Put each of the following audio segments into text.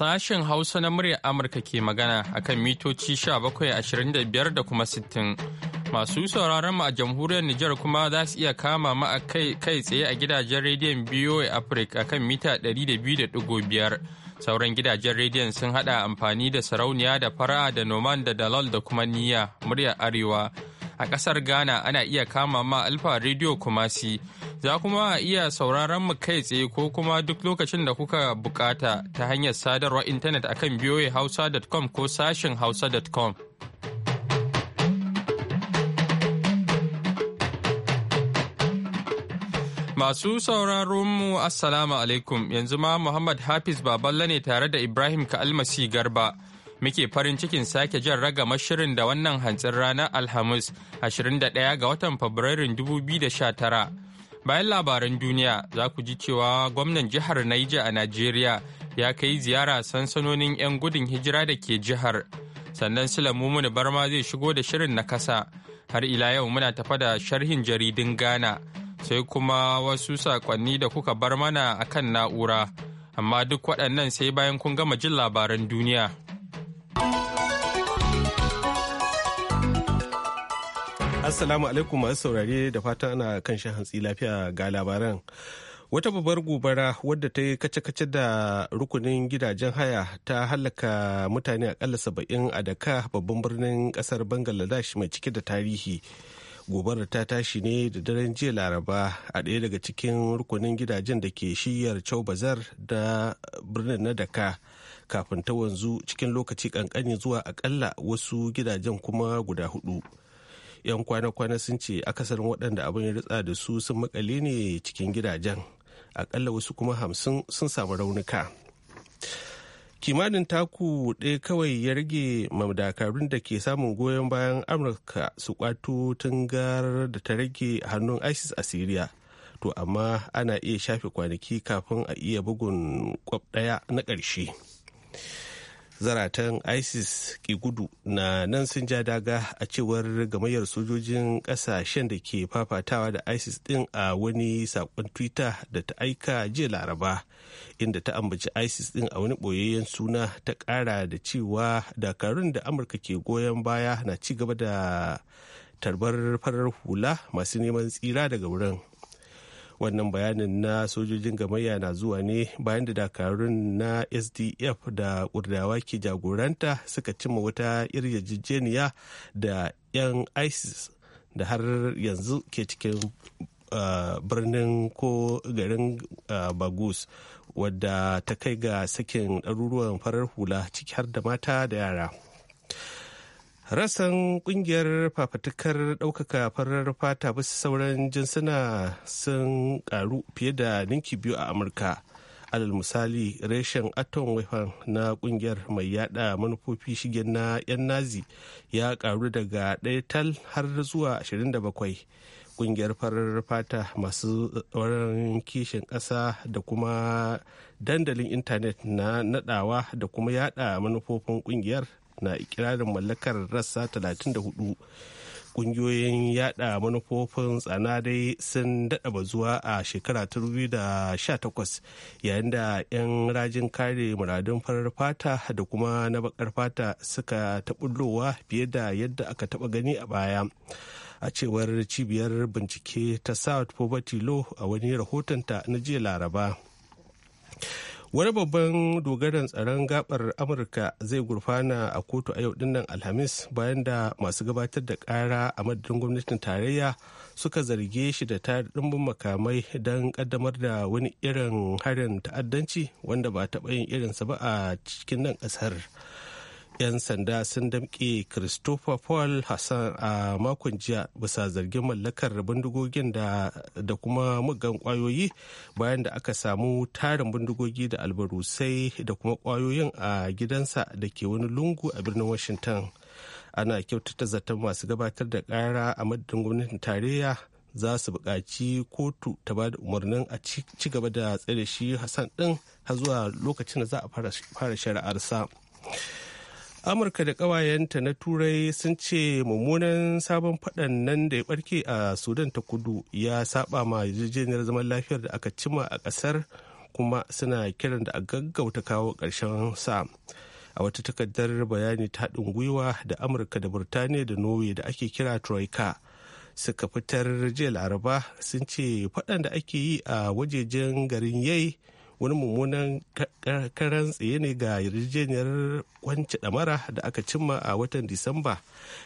Sashen Hausa na muryar Amurka ke magana akan mitoci 1725 da kuma 60. Masu sauraron mu a jamhuriyar Nijar kuma za su iya kama mu a kai tsaye a gidajen rediyon BOA Africa akan mita 200.5. Sauran gidajen rediyon sun hada amfani da sarauniya da fara da noman da dalal da kuma niyya muryar Arewa. a ƙasar Ghana ana iya kama ma Alfa Radio Kumasi. Za kuma iya sauraron mu kai tsaye ko kuma duk lokacin da kuka bukata ta hanyar sadarwar intanet akan hausa.com ko sashin hausa.com. Masu sauraron mu Assalamu alaikum yanzu ma Muhammad Hafiz Baballa ne tare da Ibrahim Ka'almasi Garba. muke farin cikin sake jan ragama shirin da wannan hantsin ranar Alhamis 21 ga watan Fabrairun 2019. Bayan labaran duniya za ku ji cewa gwamnan jihar Naija a Najeriya ya kai ziyara sansanonin 'yan gudun hijira da ke jihar. Sannan muni Barma zai shigo da shirin na kasa. Har ila yau muna tafa da sharhin jaridin Ghana. Sai kuma wasu saƙonni da kuka bar mana akan na'ura. Amma duk waɗannan sai bayan kun gama jin labaran duniya. Assalamu alaikum masu saurare da fata ana kan shi hantsi lafiya ga labaran. Wata babbar gobara wadda ta yi kace-kace da rukunin gidajen haya ta hallaka mutane akalla saba'in a daka babban birnin kasar Bangaladesh mai cike da tarihi. Gobarar ta tashi ne da daren jiya Laraba a ɗaya daga cikin rukunin gidajen da ke shiyar Chau Bazar da birnin na Daka. kafin ta wanzu cikin lokaci kankani zuwa akalla wasu gidajen kuma guda hudu. 'Yan kwana-kwana sun ce akasarin waɗanda abin ya ritsa da su sun makale ne cikin gidajen. Akalla wasu kuma hamsin sun samu raunuka. kimanin taku ɗaya kawai ya rage madakarun da ke samun goyon bayan amurka su kwato tungar da ta rage hannun isis a syria to amma ana iya shafe kwanaki kafin a iya bugun kwab ɗaya na ƙarshe. zaratan isis ke gudu na nan sun ja daga a cewar gamayyar sojojin kasashen da ke fafatawa da isis din a wani sakon twitter da ta aika jiya laraba inda ta ambaci isis din a wani boyayyen suna ta kara da cewa dakarun da amurka ke goyon baya na ci gaba da tarbar farar hula masu neman tsira daga wurin wannan bayanin na sojojin gamayya na zuwa ne bayan da dakarun na sdf da kurdawa ke jagoranta suka cimma wata yarjejeniya da 'yan isis da har yanzu ke cikin uh, birnin ko garin uh, bagus wadda ta kai ga sakin ɗaruruwan farar hula ciki har da mata da yara rasan kungiyar fafatukar ɗaukaka farar fata bisa sauran jinsuna sun karu fiye da ninki biyu a amurka alal misali reshen atom weapon na kungiyar mai yada manufofi shige na 'yan nazi ya karu daga ɗaya tal har zuwa 27 kungiyar farar fata masu tsoron kishin ƙasa da kuma dandalin intanet na nadawa da kuma yada manufofin kungiyar na ikirarin mallakar rassa 34 ƙungiyoyin yada manufofin tsana sun daɗa bazuwa a shekara sha takwas yayin da 'yan rajin kare muradun farar fata da kuma na bakar fata suka taɓullowa fiye da yadda aka taɓa gani a baya a cewar cibiyar bincike ta south poverty law a wani rahotonta na jiya laraba wani babban dogaran tsaron gabar amurka zai gurfana a kotu a yau dinnan alhamis bayan da masu gabatar da kara a madadin gwamnatin tarayya suka zarge shi da tayar dimbin makamai don kaddamar da wani irin harin ta'addanci wanda ba taɓa yin irinsa ba a cikin nan ƙasar. 'yan sanda sun damƙe christopher paul hassan a makon jiya bisa zargin mallakar bindigogin da kuma muggan kwayoyi bayan da aka samu tarin bindigogi da albarusai da kuma kwayoyin a gidansa da ke wani lungu a birnin washington ana kyautata zaton masu gabatar da kara a madadin gwamnatin tarayya za su buƙaci kotu ta ba da umarnin a ci gaba da tsare shi hassan ɗin har zuwa lokacin da za a fara shari'arsa. amurka da ƙawayenta na turai sun ce mummunan sabon faɗan nan da ya ɓarke a sudan ta kudu ya saba ma yarjejeniyar zaman lafiyar da aka cima a ƙasar kuma suna kiran da a gaggauta kawo ƙarshen sa a wata takardar bayani ta haɗin gwiwa da amurka da burtaniya da norway da ake kira troika suka fitar jiya laraba sun ce faɗan da ake yi a wajejen garin yai wani mummunan karan tsaye ne ga yarjejeniyar kwanci damara da aka cimma a watan disamba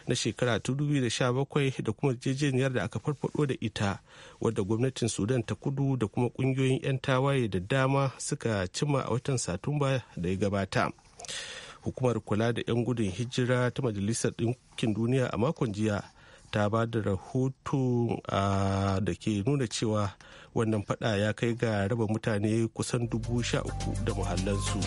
na shekara 2017 da kuma yarjejeniyar da aka farfado da ita wadda gwamnatin sudan ta kudu da kuma kungiyoyin 'yan tawaye da dama suka cimma a watan satumba da ya gabata hukumar kula da 'yan gudun hijira ta majalisar ɗinkin duniya a makon jiya ta ba da rahoto da ke nuna cewa wannan fada ya kai ga raba mutane kusan dubu sha uku da muhallansu.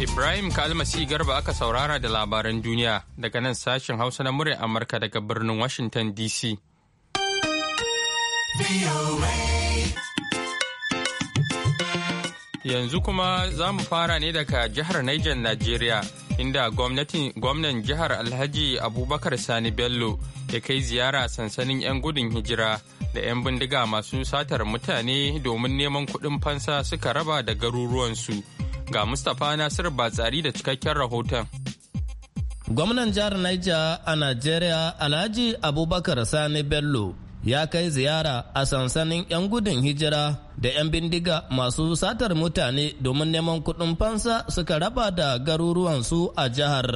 Ibrahim Kalmasi Garba aka saurara da labaran duniya daga nan sashen Hausa na muryar Amurka daga birnin Washington DC. Yanzu kuma za mu fara ne daga jihar Niger Najeriya inda gwamnan jihar Alhaji Abubakar Sani Bello ya kai ziyara sansanin 'yan gudun hijira da 'yan bindiga masu satar mutane domin neman kuɗin fansa suka raba da garuruwansu. Ga Mustapha Nasir Batsari da cikakken rahoton. Gwamnan jihar Niger a Najeriya Alhaji Abubakar Sani Bello ya kai ziyara a sansanin 'yan gudun hijira da 'yan bindiga masu satar mutane domin neman kuɗin fansa suka raba da garuruwansu a jihar.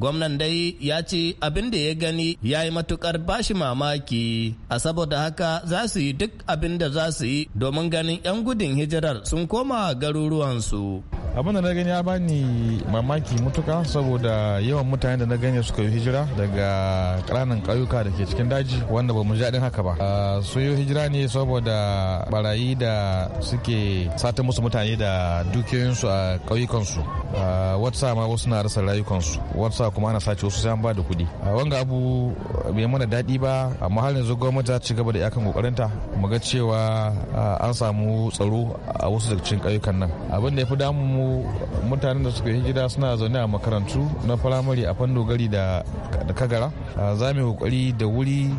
Gwamnan dai ya ce abin da ya gani ya yi matukar bashi mamaki, a saboda haka za su yi duk abin da za su yi domin ganin 'yan gudun hijirar sun koma garuruwansu. abinda na gani ya bani mamaki mutuka saboda yawan mutane da na gani suka yi hijira daga ƙananan ƙauyuka da ke cikin daji wanda ba mu ji daɗin haka ba ah, su yi hijira ne saboda barayi da suke sata musu mutane da dukiyoyinsu a ƙauyukansu ah, watsa ma wasu na rasa rayukansu watsa kuma ana sace wasu sai ba da kuɗi ah, wanga abu bai mana daɗi ba amma har yanzu gwamnati ta ci gaba da iyakan kokarinta mu ga cewa an samu tsaro a wasu daga cikin ƙauyukan nan abin da ya fi damu mutanen da suka yi gida suna zaune a makarantu na firamare a fandogari da kagara za mu yi kokari da wuri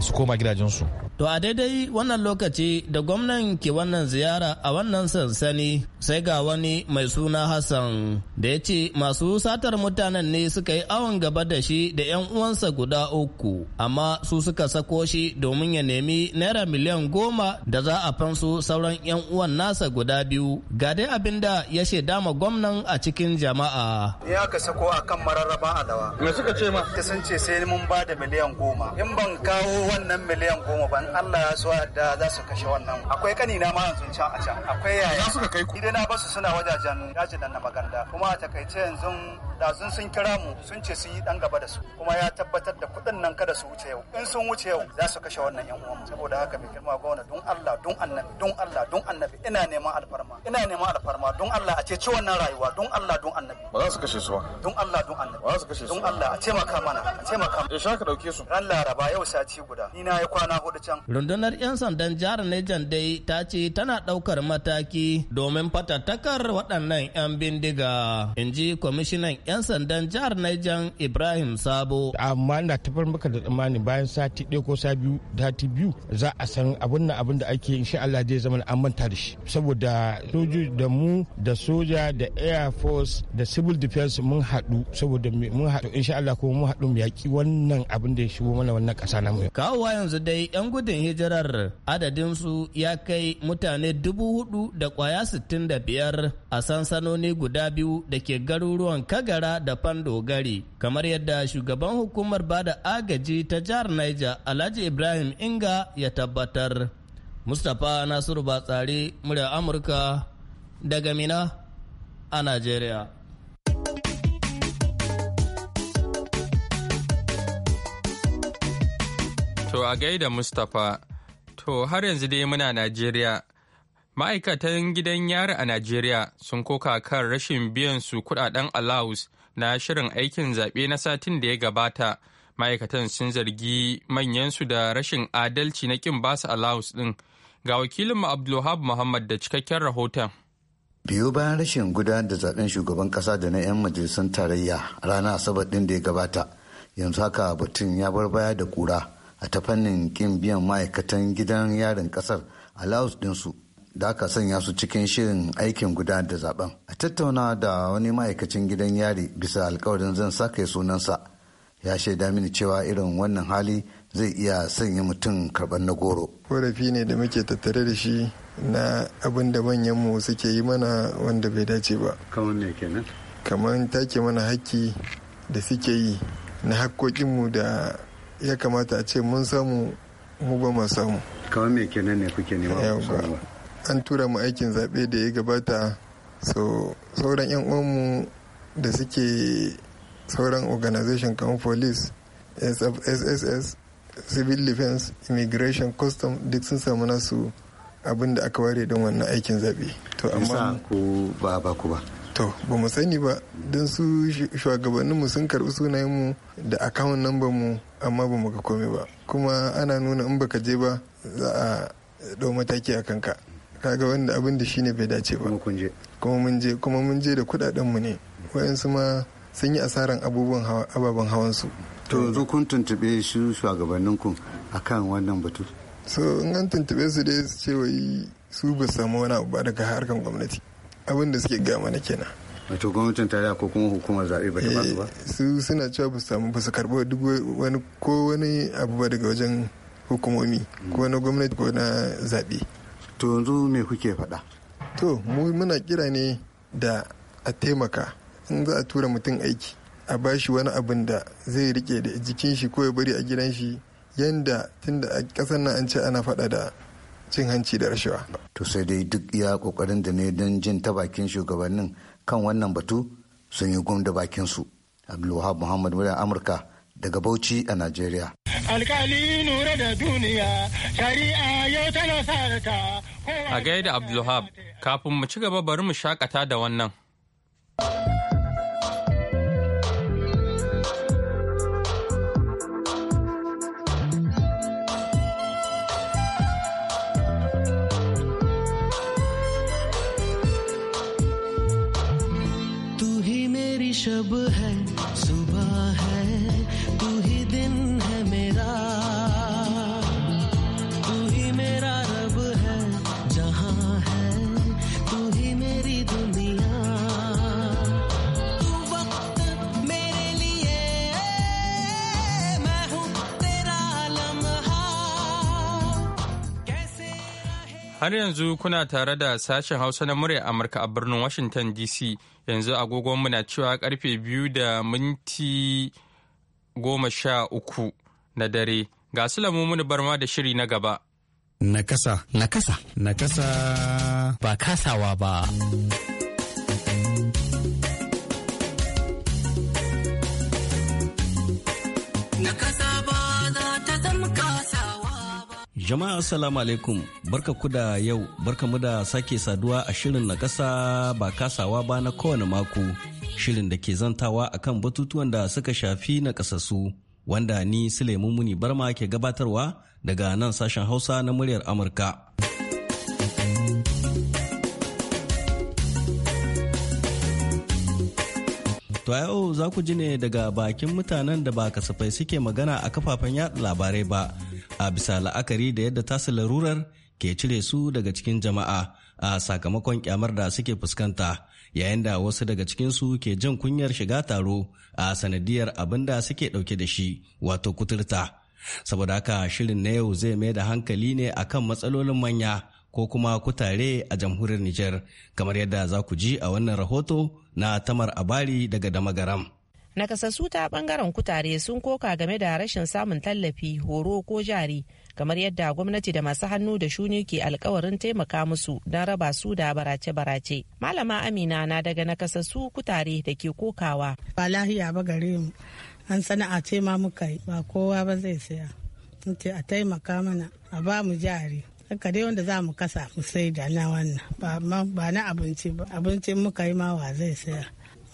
su koma gidajensu To a daidai wannan lokaci da gwamnan ke wannan ziyara a wannan sansani sai ga wani mai suna Hassan da ya ce masu satar mutanen ne suka yi awon gaba da shi da 'yan uwansa guda uku amma su suka sako shi domin ya nemi naira miliyan goma da za a fansu sauran 'yan uwan nasa guda biyu ga dai abin da ya shaida ma gwamnan a cikin jama'a. Ya ka sako a kan mararraba adawa. Me suka ce ma? Ta sun ce sai mun ba miliyan goma. In ban kawo wannan miliyan goma ban in Allah ya so da za su kashe wannan akwai kanina ma yanzu can a can akwai yaya za su ka kai ku idan na basu suna wajajen dajin nan na maganda kuma a takaice yanzu dazun sun kira mu sun ce sun yi dan gaba da su kuma ya tabbatar da kuɗin nan kada su wuce yau in sun wuce yau za su kashe wannan yan uwan saboda haka mai girma gona don Allah don annabi don Allah don annabi ina neman alfarma ina neman alfarma don Allah a ce ci wannan rayuwa don Allah don annabi ba za su kashe su ba don Allah don annabi ba su kashe su don Allah a taimaka mana a taimaka mana yaushe ka dauke su ran laraba yau sati guda ni na yi kwana hudu can rundunar yan sandan jihar Niger dai ta ce tana daukar mataki domin fatattakar waɗannan yan bindiga in ji kwamishinan yan sandan jihar Niger Ibrahim Sabo amma na tafar maka da tsammani bayan sati ɗaya ko sa biyu sati biyu za a san abin na abin da ake insha Allah zai zama an manta da shi saboda sojoji da mu da soja da air force da civil defense mun haɗu saboda mun haɗu insha Allah kuma mun haɗu mu yaƙi wannan abin da ya shigo mana wannan ƙasa namu. Kawowa yanzu dai 'yan gudun hijirar adadin su ya kai mutane dubu hudu da kwaya sittin da biyar a sansanoni guda biyu da ke garuruwan Kagara da Fandogari kamar yadda shugaban hukumar bada agaji ta jihar Niger Alhaji Ibrahim Inga ya tabbatar. Mustapha Nasiru Batsari murya Amurka daga Mina a Najeriya. To a gaida Mustapha, to har yanzu dai muna Najeriya. Ma'aikatan gidan yari a Najeriya sun koka kan rashin biyan su kudaden allowance na shirin aikin zaɓe na satin da ya gabata. Ma'aikatan sun zargi manyansu da rashin adalci na kin basu allowance ɗin. Ga wakilinmu Abdulhab Muhammad da cikakken rahoton. biyu bayan rashin gudanar da zaben shugaban kasa da na 'yan majalisun tarayya ranar asabar ɗin da ya gabata yanzu haka batun ya bar baya da kura a ta fannin kin biyan ma'aikatan gidan yarin kasar allowance ɗinsu da aka sanya su cikin shirin aikin guda da zaben a tattauna da wani ma'aikacin gidan yari bisa alkawarin zan sake sunansa ya shaida mini cewa irin wannan hali zai iya sanya mutum karban na goro korafi ne da muke tattare da shi na abin da manyanmu suke yi mana wanda bai dace ba kamar ne kenan kamar take mana haƙƙi da suke yi na haƙƙoƙinmu da ya kamata a ce mun samu mu ba samu kawai me kenan ne kuke nema ba an tura mu aikin zaɓe da ya gabata so sauran yan uwanmu da suke sauran organization kamar police sss civil defense immigration custom duk sun samu nasu abin da aka ware don wannan aikin zaɓe to amma ku ba ba ku ba to ba mu sani ba don su shugabanninmu sun karbi sunayenmu da akawun number mu amma ba mu ga komai ba kuma ana nuna in baka je ba za a ɗau mataki a kanka kaga wanda abin da shine bai dace ba kuma mun je kuma mun je da kudaden mu ne wayansu ma sun yi asaran abubuwan hawa ababen hawan su to yanzu kun tuntube shi ku akan wannan batu so in an tuntube su dai su ce wai su ba samu wani abu ba daga harkan gwamnati abin da suke gama na kenan wato gwamnatin tarayya ko kuma hukumar zaɓe ba ta ba su ba eh, suna cewa ba su samu ba su karɓi duk wani ko wani abu ba daga wajen hukumomi ko na gwamnati ko na zaɓe to yanzu me kuke faɗa to mu muna kira ne da a taimaka in za a tura mutum aiki a bashi wani abin da zai rike da jikin shi ko ya bari a gidan shi yanda tunda a ƙasar nan an ce ana faɗa da cin hanci da rashawa. To sai dai duk iya kokarin da ne don jin ta bakin shugabannin kan wannan batu sun yi gum bakin su. Abdulwahab Muhammad Muda Amurka daga Bauchi a Najeriya. Alkali nura da duniya shari'a yau tana nasarata. A gaida Abdulwahab kafin mu ci gaba bari mu shakata da wannan. Shab Har yanzu kuna tare da sashen Hausa na murya Amurka a birnin Washington DC yanzu agogonmu na cewa karfe biyu da minti goma sha uku na dare. Ga su muni barma da shiri na gaba. Nakasa. Nakasa. Nakasa. Ba kasawa ba. Jama'a assalamu alaikum barka ku da yau barka mu da sake saduwa a shirin na kasa ba kasawa ba na kowane mako shirin da ke zantawa akan batutuwan da suka shafi na kasassu wanda ni Suleiman Muni Barma ke gabatarwa daga nan sashen Hausa na muryar Amurka. To yau za ku ji ne daga bakin mutanen da ba kasafai suke magana a kafafen yada labarai ba a bisa la'akari da yadda tasu larurar ke cire su daga cikin jama'a a sakamakon kyamar da suke fuskanta yayin da wasu daga cikinsu ke jin kunyar shiga taro a sanadiyar abin da suke ɗauke da shi wato kuturta saboda haka shirin na yau zai mai da hankali ne akan matsalolin manya ko kuma kutare a jamhuriyar Nijar kamar yadda za ku ji a wannan rahoto na tamar abari daga damagaram. nakasassu ta bangaren kutare sun koka game da rashin samun tallafi horo ko jari kamar yadda gwamnati da masu hannu da shuni ke alkawarin taimaka musu don raba su da barace-barace. Malama Amina na daga nakasassu kutare da ke kokawa. Ba lahiya ba gare mu, an sana'a ce ma muka yi ba kowa ba zai saya. ce a taimaka mana a ba mu jari. Haka dai wanda za mu kasa mu sai da na wannan ba na abinci ba abincin muka yi ma wa zai saya.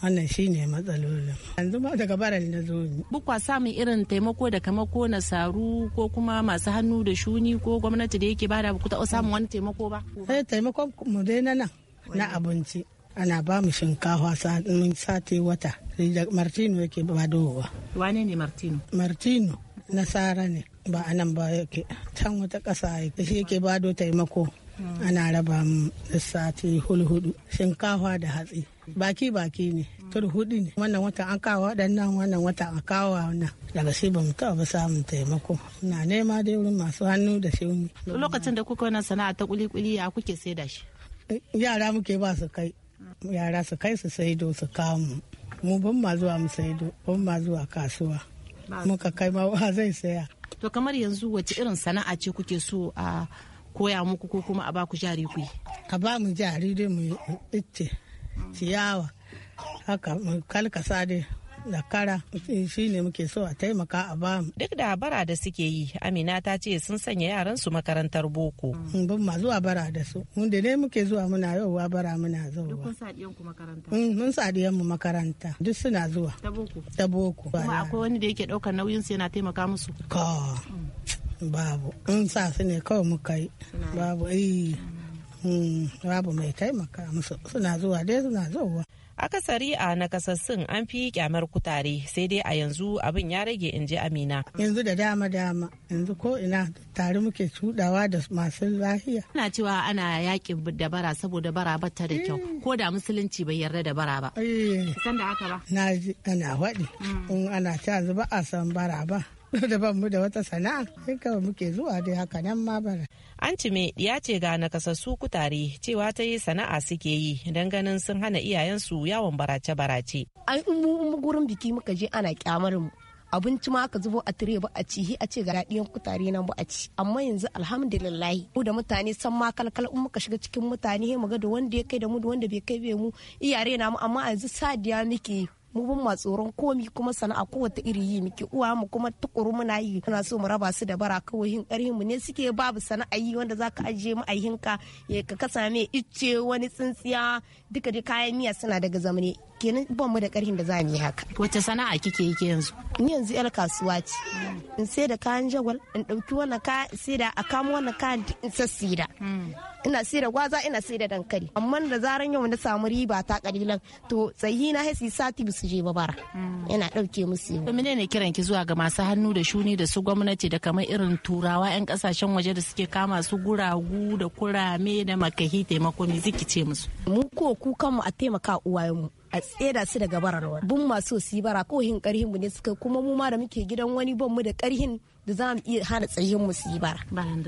wannan shi ne matsalolin yanzu ma daga baral na zo ne bukwa samun irin taimako da kamako na saru ko kuma masu hannu da shuni ko gwamnati da yake bada ku taɓa samun wani taimako ba sai eh, taimakon mu dai na nan na abinci ana ba mu shinkafa sati wata da martino yake ba dowa wane ne martino martino nasara ne ba anan ba yake can wata ƙasa yake shi yake bado taimako hmm. ana raba mu da sati hulhudu shinkafa da hatsi baki baki ne tur hudu ne wannan wata an kawo waɗannan wannan wata a kawo wannan daga shi bamu taɓa ba samun taimako na nema dai wurin masu hannu da shuni lokacin da kuka wannan sana'a ta kuli kuli ya kuke da shi yara muke ba su kai yara su kai su do su kawo mu mu ban ma zuwa mu do ban ma zuwa kasuwa muka kai ma wa zai saya to kamar yanzu wace irin sana'a ce kuke so a koya muku ko kuma a ba ku jari ku a ba mu jari dai mu yi ciyawa haka mm, kalkasa dai da kara shi ne muke so a taimaka a ba mu. Duk da bara da suke yi, Amina ta ce sun sanya yaran su makarantar boko. mun mm, ma zuwa bara da su. Mun da ne muke zuwa muna yauwa bara muna zuwa. Duk kun sa yanku makaranta. Mm, mun sa mu makaranta. Duk suna zuwa. Ta boko. Ta boko. Kuma akwai wani da yake ɗaukar nauyin su yana taimaka musu. Ka. Babu. In sa su ne kawai muka yi. Babu. Eh. babu hmm, mai taimaka musu suna zuwa dai suna zuwa akasari a nakasassun an fi kyamar kutare sai dai a yanzu abin ya rage in ji amina yanzu da dama dama yanzu ko ina tare muke cudawa da masu lahiya? ana cewa ana yakin da bara saboda bara bata da kyau hmm. ko da musulunci bai yarda da bara ba haka eh. ba na ji ana waɗi, hmm. in ana ba a san bara ba da ban mu da wata sana'a sai kawai muke zuwa dai haka nan ma bara. An cime ya ce ga nakasassu kutare cewa ta yi sana'a suke yi don ganin sun hana iyayensu yawon barace-barace. An in mu gurin biki muka je ana kyamar mu. abinci ma aka zubo a tire ba a ci a ce ga daɗiyan kutare nan ba a ci amma yanzu alhamdulillah mu da mutane san ma kalkal in muka shiga cikin mutane mu ga da wanda ya kai da mu da wanda bai kai bai mu iyare na mu amma yanzu sadiya muke mu bin ma tsoron komi kuma sana'a kowace iri yi muke uwa mu kuma tukuru muna yi ana so mu raba su da bara kawai hin karhin mu ne suke babu sana'a yi wanda zaka ajiye mu ayyukan ka ka kasa mai icce wani tsintsiya duka da kayan miya suna daga zamani kenan ban mu da karhin da za mu yi haka wace sana'a kike yi yanzu ni yanzu yar kasuwa ce in sai da kayan jagwal in ɗauki wannan ka sai da a kamo wannan kayan in sassira hmm. ina sai da gwaza ina sai da dankali amma da zaran yau na samu riba ta kalilan to tsayi na hasi sati bisu je babara ina hmm. dauke musu yau. Mene ne kiran ki zuwa ga masu hannu da shuni da su gwamnati da kamar irin turawa 'yan kasashen waje da suke kama su guragu da kurame da makahi taimako me ziki ce musu. Mu ko kukanmu a taimaka uwayenmu. a tseda su daga barar bun masu su yi bara ko hin karhin mu ne suka kuma mu ma da muke gidan wani bamu da karhin da za mu iya hana tsayin mu su yi bara bayan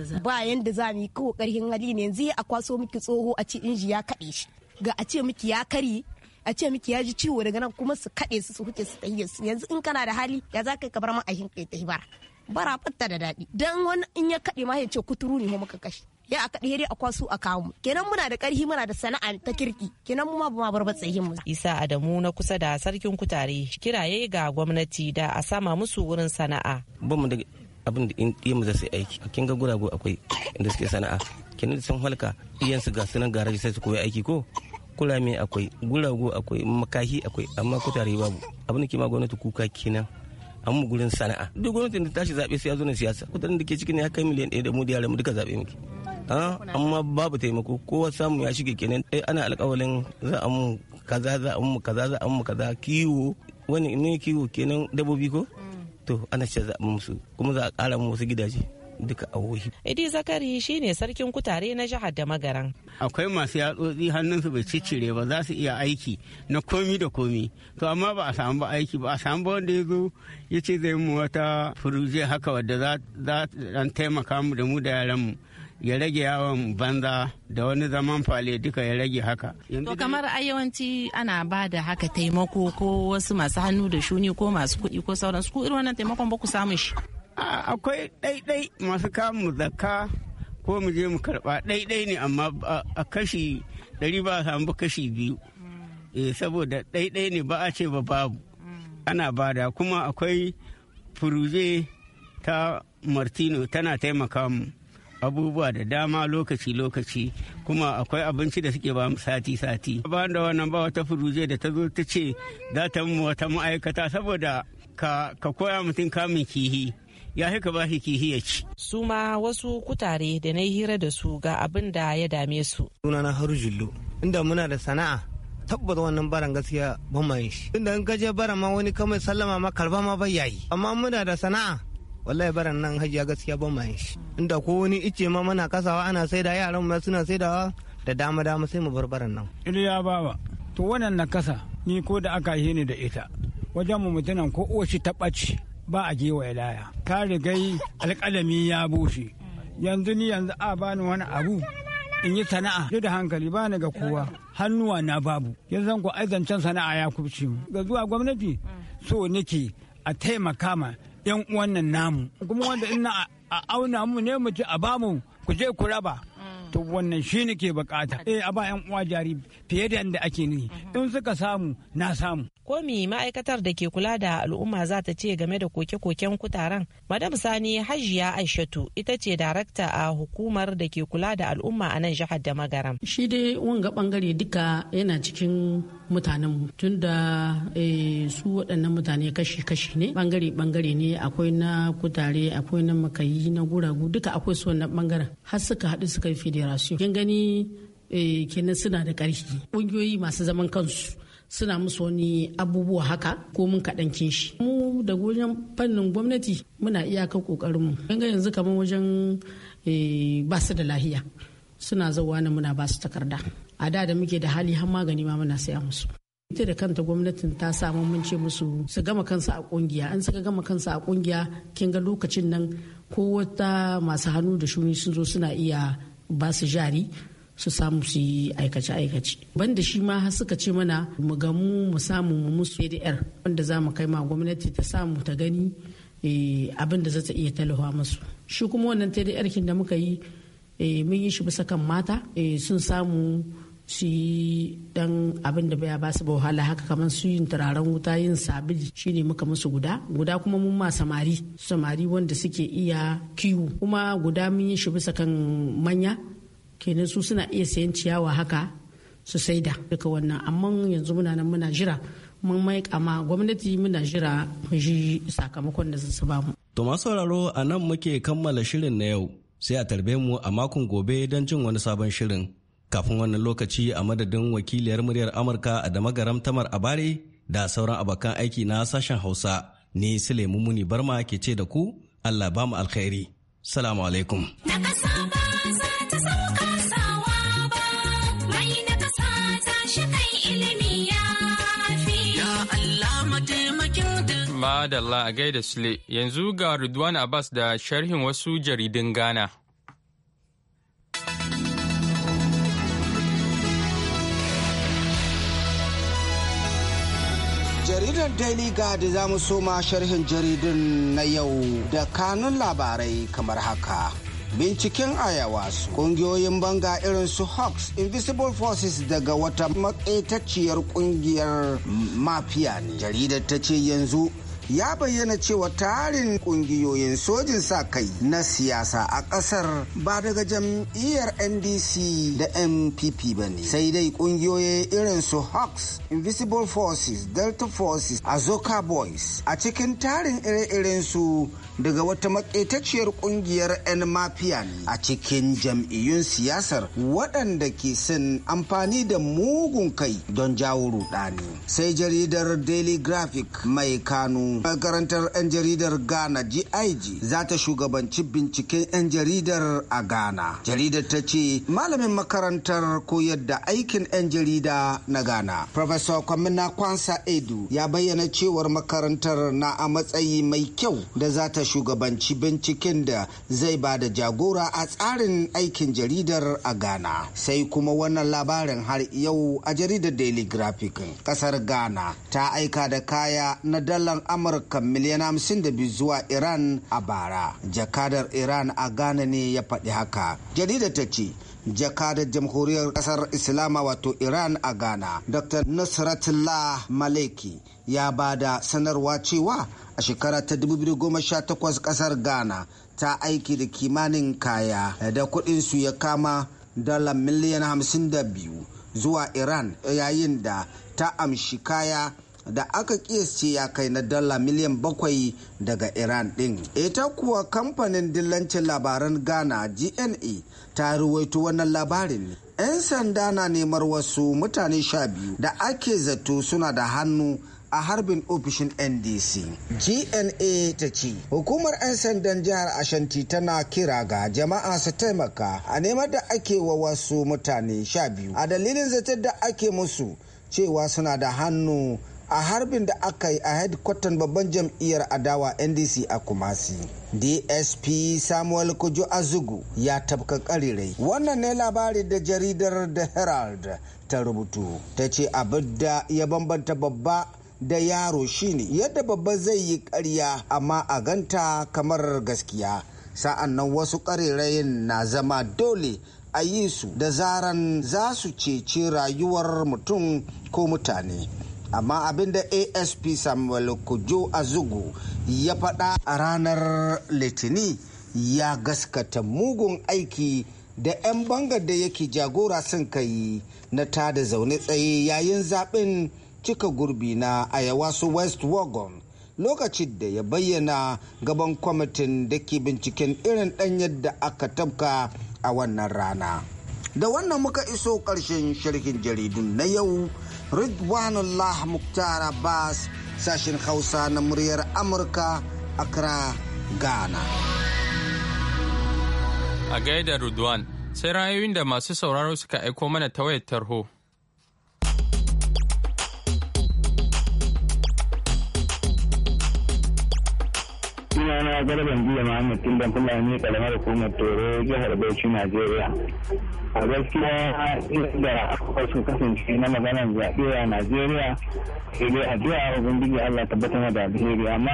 da za mu yi ko karhin hali ne yanzu a kwaso miki tsoho a ce inji ya kaɗe shi ga a ce miki ya kari a ce miki ya ji ciwo daga nan kuma su kaɗe su su huce su tsaye su yanzu in kana da hali ya za ka bar ma a hin kai ta bara bara fatta da daɗi dan wani in ya kaɗe ma ya ce kuturu ne muka kashe ya aka ɗaya a kwasu a kawo kenan muna da ƙarfi muna da sana'a ta kirki kenan mu ma ba bar yin mu isa adamu na kusa da sarkin kutare kiraye ga gwamnati da a sama musu wurin sana'a ba mu da abin da iya mu sai aiki kin ga gurago akwai inda suke sana'a kenan sun halka su ga sunan garaji sai su koyi aiki ko me akwai gurago akwai makahi akwai amma kutare babu abin da ke ma gwamnati kuka kenan an mu gurin sana'a duk gwamnatin da tashi zaɓe sai ya zo na siyasa kudaden da ke cikin ya kai miliyan ɗaya da mu da yaran mu duka zaɓe muke amma babu taimako kowa samu ya shige kenan eh, ana alƙawalin za a mu kaza za a mu kaza za a mu kaza kiwo wani ne kiwo kenan dabobi ko mm. to ana ce za a musu kuma za a ƙara mu wasu gidaje duka wuhi. Idi Zakari shi ne sarkin kutare na jihar da magaran. Akwai masu yatsotsi hannunsu bai ciccire ba za su iya aiki na komi da komi. To amma ba a samu ba aiki ba a samu ba wanda ya zo ya ce zai mu wata furuje haka wadda za dan taimaka mu da mu da yaran mu. ya rage yawan banza da wani zaman fale duka ya rage haka. To kamar a yawanci ana ba da haka taimako ko wasu masu hannu da shuni ko masu kuɗi ko sauransu ku irin wannan taimakon ba ku samu shi. akwai ɗaiɗai masu kamun zaka ko mu je mu karɓa ɗaiɗai ne amma a kashi ɗari ba a samu kashi biyu eh, saboda ɗaiɗai ne ba a ce ba babu ana bada kuma akwai furuje ta martino tana taimaka mu abubuwa da dama lokaci-lokaci kuma akwai abinci da suke ba mu sati-sati ba da wannan ba wata furuje da ta zo ta ce za ta mu wata ma'aikata saboda ka koya mutum kamun kihi ya haka ba hiki ci. su ma wasu kutare da na hira da su ga abin da ya dame su. Suna na haru jullo inda muna da sana'a tabbata wannan baran gaskiya ban ma shi inda in gaje je baran ma wani kamar sallama ma kalba ma bai yayi amma muna da sana'a wallahi baran nan hajiya gaskiya ban ma shi inda ko wani ice ma mana kasawa ana saida yaran mu suna saidawa da dama dama sai mu bar baran nan iliya baba to wannan na kasa ni ko da aka yi ni da ita wajen mu mutunan ko uwa shi ta ɓaci ba a je wa ilaya ka rigai alƙalami ya bushe yanzu ni yanzu a bani wani abu in yi sana'a duk da hankali ba ni ga kowa hannuwa na babu yanzu ku aizancen sana'a ya kubce mu ga zuwa gwamnati so nake a taimaka ma yan uwan nan namu kuma wanda ina a auna mu ne mu ji a bamu ku je ku raba to wannan shi nake bukata eh a ba yan uwa jari fiye da yadda ake ni mhm. in suka samu na samu ko mi ma'aikatar da ke kula da al'umma za ta ce game da koke-koken kutaren madam sani hajiya aishatu ita ce darakta a hukumar da ke kula da al'umma a nan jihar da magaram shi dai wanga bangare duka yana cikin mutanenmu tun da eh, su waɗannan mutane kashi-kashi ne bangare-bangare ne akwai na kutare akwai na makayi na guragu duka akwai su wannan bangaren har suka haɗu suka yi federation kin gani eh, kenan suna da ƙarfi ƙungiyoyi masu zaman kansu suna musu wani abubuwa haka ko mun kaɗan shi mu da wajen fannin gwamnati muna iyakar ƙoƙarinmu kin ga yanzu kamar wajen eh, ba su da lahiya suna zauwa na muna ba su takarda a da da muke da hali har magani ma muna saya musu ita da kanta gwamnatin ta samu mun ce musu su gama kansu a kungiya an saka gama kansu a kungiya kin ga lokacin nan ko wata masu hannu da shuni sun zo suna iya ba su jari su samu su yi aikace-aikace banda shi ma har suka ce mana mu gamu mu samu mu musu adr wanda za mu kai ma gwamnati ta samu ta gani eh, abin da za ta iya talawa musu shi kuma wannan tdr kin da muka yi eh, mun yi shi bisa kan mata eh, sun samu shi dan abin da baya basu ba wahala haka kamar su yin turaren wuta yin sabili shine muka musu guda guda kuma mun ma samari samari wanda suke iya kiwo kuma guda mun yi shi bisa kan manya kenan su suna iya sayan ciyawa haka su saida duka wannan amma yanzu muna nan muna jira mun mai kama gwamnati muna jira mu ji sakamakon da su bamu to masu sauraro a nan muke kammala shirin na yau sai a tarbe mu a makon gobe don jin wani sabon shirin kafin wannan lokaci a madadin wakiliyar muryar amurka a damagaram tamar abare da sauran abokan aiki na sashen hausa ne sule muni barma ke ce da ku allah ba mu alkhairi salamu alaikum Madalla a gaida Sule, yanzu ga Ridwan Abbas da sharhin wasu jaridun Ghana. jaridar Daily Guard za mu soma sharhin jaridun na yau da kanun labarai kamar haka. Binciken ayawasu kungiyoyin banga irin su Hawks Invisible Forces daga wata makaitacciyar kungiyar mafiya ne. Jaridar ta ce yanzu ya bayyana cewa tarin kungiyoyin sojin sa kai na siyasa a kasar ba daga jam'iyyar ndc da mpp ba ne sai dai kungiyoyi irin su hawks invisible forces delta forces azoka boys a cikin tarin ire-iren su daga wata maƙetacciyar kungiyar 'yan mafiya ne a cikin jam'iyyun siyasar waɗanda ke son amfani da mugun kai don jawo rudani sai jaridar daily graphic mai kano makarantar 'yan jaridar Ghana GIG za ta shugabanci binciken 'yan jaridar a Ghana. Jaridar ta ce malamin makarantar koyar da aikin 'yan jarida na Ghana. Professor Kwamina Kwansa Edu ya bayyana cewar makarantar na a matsayi mai kyau da za ta shugabanci binciken da zai ba da jagora a tsarin aikin jaridar a Ghana. Sai kuma wannan labarin har yau a jaridar Daily Graphic. Kasar Ghana ta aika da kaya na dalar am amurka miliyan 52 zuwa iran a bara jakadar iran a ghana ne ya faɗi haka jarida ta ce jakadar jamhuriyar kasar islama wato iran a ghana dr nusratullah Maliki ya ba da sanarwa cewa a shekara ta 2018 kasar ghana ta aiki da kimanin kaya da kudinsu ya kama dala miliyan 52 zuwa iran yayin da ta amshi kaya da aka kiyasce ya kai na dala miliyan bakwai daga iran din ita kuwa kamfanin dillancin labaran ghana gna ta ruwaito wannan labarin 'yan sanda na neman wasu mutane sha biyu da ake zato suna da hannu a harbin ofishin ndc gna ta ce hukumar 'yan sandan jihar ashanti tana kira ga jama'a su taimaka a neman da ake wa wasu mutane sha biyu a dalilin zatar da ake musu cewa suna da hannu a harbin da aka yi a headquarter babban jam'iyyar adawa ndc a kumasi dsp samuel kujo azugu ya tabka karirai wannan ne labari da jaridar da herald ta rubutu ta ce abin da ya bambanta babba da yaro shine yadda babba zai yi karya amma a ganta kamar gaskiya sa'an nan wasu karerayin na zama dole a yi su da zaran za su ceci rayuwar mutum ko mutane amma abin da asp samuel kujo azugu ya faɗa a ranar litini ya gaskata mugun aiki da 'yan bangar da yake jagora sun kai na tada zaune tsaye yayin zaɓen cika gurbi na ayawasu west wagon lokacin da ya bayyana gaban kwamitin da ke binciken irin ɗanyar da aka tabka a wannan rana da wannan muka iso ƙarshen shirkin jaridun na yau Ridwanullah Mukhtar Abbas sashen Hausa na muryar Amurka Accra, Ghana. A gaida Ridwan, sai ra'ayoyin da masu sauraro suka aiko mana ta wayar tarho. Sunana garban jiya Muhammad Tindan Fulani kalamar hukumar Toro jihar Bauchi Najeriya. a gaskiya inda aka su kasance na maganar zaɓe a najeriya sai dai addu'a ubangiji allah tabbatar da alheri amma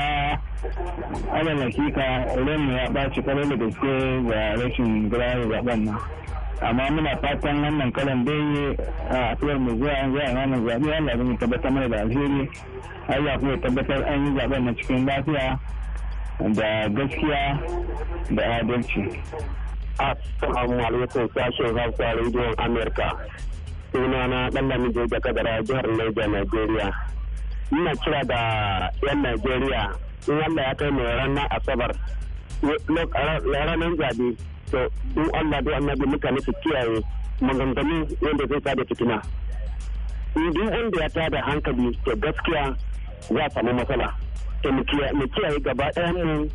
ala hakika ran ya ɓaci kwarai da gaske ga rashin gudanar zaɓen nan amma muna fatan wannan karan dai a tuwar mai zuwa an zuwa nan zaɓe allah zai tabbatar mana da alheri allah kuma tabbatar an yi zaɓen na cikin lafiya da gaskiya da adalci Assalamu alaikum sashen Hausa rediyon Amerika. Sunana ɗan lamijo da kadara jihar Niger Nigeria. Ina kira da 'yan Nigeria in Allah ya kai mu ranar Asabar. Ranar zabe to in Allah da annabi mutane su kiyaye maganganu yadda zai sada fitina. Duk wanda ya tada hankali to gaskiya za samu matsala. To mu kiyaye gaba ɗayan mu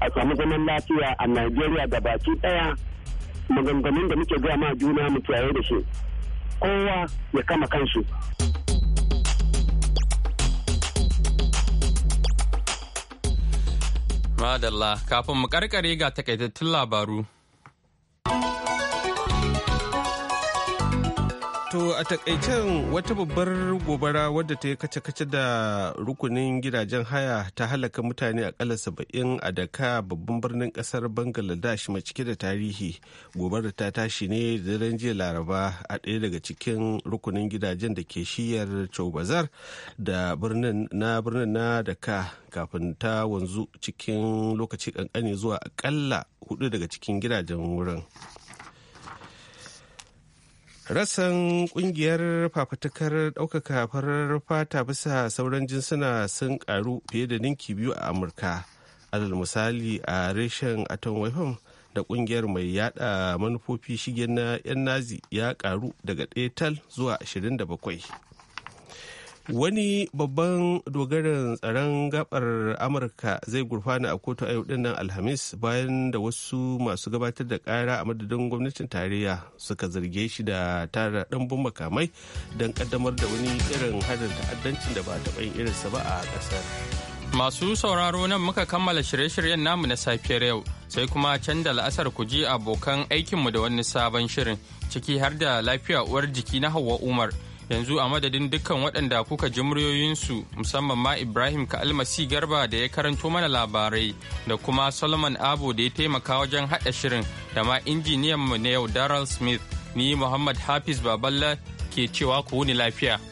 a samu zaman lafiya a Najeriya da baki ɗaya maganganun da muke gama juna mu kiyaye da shi kowa ya kama kansu. Madalla kafin mu karkare ga takaitattun labaru. To a takaicen wata babbar gobara wadda ta yi kace-kace da rukunin gidajen haya ta halaka mutane akalla saba'in a daka babban birnin kasar Bangladesh mai cike da tarihi. Gobarar ta tashi ne da daren jiya Laraba a ɗaya daga cikin rukunin gidajen da ke shiyar Chowbazar da birnin na birnin na daka kafin ta wanzu cikin lokaci kankani zuwa akalla hudu daga cikin gidajen wurin. rasan kungiyar fafatakar ɗaukaka farar fata bisa sauran jinsuna sun karu fiye da ninki biyu a amurka alal misali a reshen atom weapon da kungiyar mai yada manufofi shige na 'yan nazi ya karu daga ɗaya zuwa 27 wani babban dogaren tsaron gabar amurka zai gurfana a kotu a yau nan alhamis bayan da wasu masu gabatar da kara a madadin gwamnatin tarayya suka zarge shi da tara ɗanbun makamai don kaddamar da wani irin harin ta'addancin da ba taɓa yin irinsa ba a ƙasar masu sauraro nan muka kammala shirye-shiryen namu na safiyar yau sai kuma can da la'asar ku ji abokan aikinmu da wani sabon shirin ciki har da lafiya uwar jiki na hawa umar yanzu a madadin dukkan waɗanda kuka ji muryoyinsu musamman ma ibrahim ka almasi garba da ya karanto mana labarai da kuma solomon abu da ya taimaka wajen haɗa shirin da ma injiniyanmu na yau daryl smith ni muhammad hafiz baballa ke cewa ku wuni lafiya